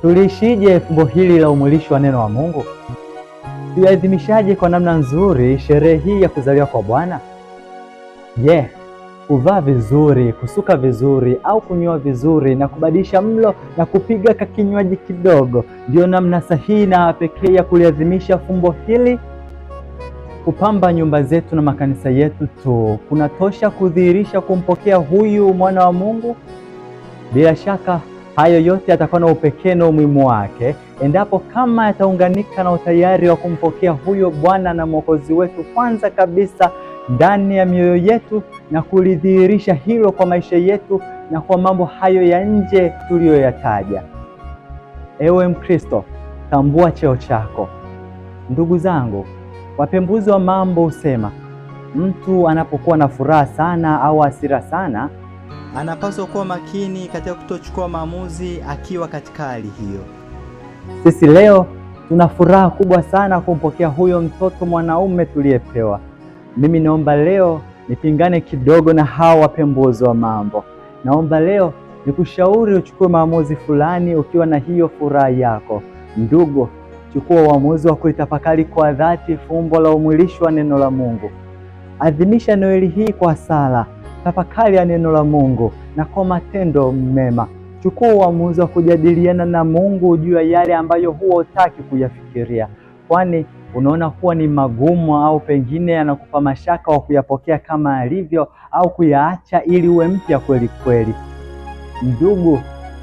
Tuliishije fumbo hili la umwilisho wa neno wa Mungu? Tuiadhimishaje kwa namna nzuri sherehe hii ya kuzaliwa kwa Bwana? Je, yeah, kuvaa vizuri, kusuka vizuri au kunyoa vizuri na kubadilisha mlo na kupiga kakinywaji kidogo ndiyo namna sahihi na pekee ya kuliadhimisha fumbo hili? Kupamba nyumba zetu na makanisa yetu tu kunatosha kudhihirisha kumpokea huyu mwana wa Mungu? Bila shaka Hayo yote yatakuwa na upekee na umuhimu wake endapo kama yataunganika na utayari wa kumpokea huyo Bwana na Mwokozi wetu kwanza kabisa ndani ya mioyo yetu na kulidhihirisha hilo kwa maisha yetu na kwa mambo hayo ya nje tuliyoyataja. Ewe Mkristo, tambua cheo chako. Ndugu zangu, wapembuzi wa mambo husema mtu anapokuwa na furaha sana au hasira sana anapaswa kuwa makini katika kutochukua maamuzi akiwa katika hali hiyo. Sisi leo tuna furaha kubwa sana kumpokea huyo mtoto mwanaume tuliyepewa. Mimi naomba leo nipingane kidogo na hawa wapembuzi wa mambo. Naomba leo nikushauri uchukue maamuzi fulani ukiwa na hiyo furaha yako. Ndugu, chukua uamuzi wa kulitafakari kwa dhati fumbo la umwilisho wa neno la Mungu. Adhimisha Noeli hii kwa sala tafakari ya neno la Mungu na kwa matendo mema chukua uamuzi wa kujadiliana na Mungu juu ya yale ambayo huwa hutaki kuyafikiria, kwani unaona kuwa ni magumu au pengine yanakupa mashaka wa kuyapokea kama alivyo au kuyaacha ili uwe mpya kweli kweli. Ndugu,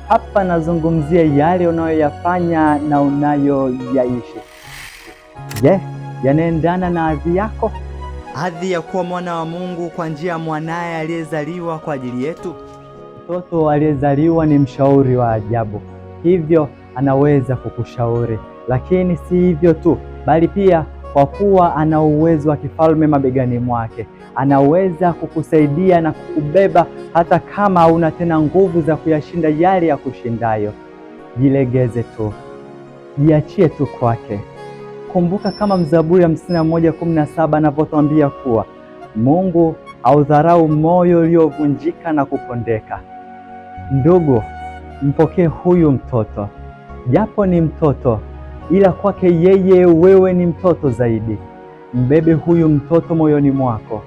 hapa nazungumzia yale unayoyafanya na unayoyaishi. Je, yanaendana na adhi yako? hadhi ya kuwa mwana wa Mungu kwa njia ya mwanaye aliyezaliwa kwa ajili yetu. Mtoto aliyezaliwa ni mshauri wa ajabu, hivyo anaweza kukushauri. Lakini si hivyo tu, bali pia kwa kuwa ana uwezo wa kifalme mabegani mwake, anaweza kukusaidia na kukubeba hata kama hauna tena nguvu za kuyashinda yale ya kushindayo. Jilegeze tu, jiachie tu kwake. Kumbuka kama Mzaburi 51:17 anavyotwambia kuwa Mungu audharau moyo uliovunjika na kupondeka. Ndugu, mpokee huyu mtoto, japo ni mtoto, ila kwake yeye wewe ni mtoto zaidi. Mbebe huyu mtoto moyoni mwako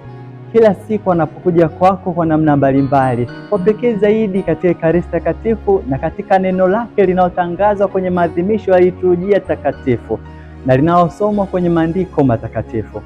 kila siku anapokuja kwako kwa namna mbalimbali, kwa pekee zaidi katika Ekaristi Takatifu na katika neno lake linalotangazwa kwenye maadhimisho ya liturujia takatifu na linalosomwa kwenye maandiko matakatifu.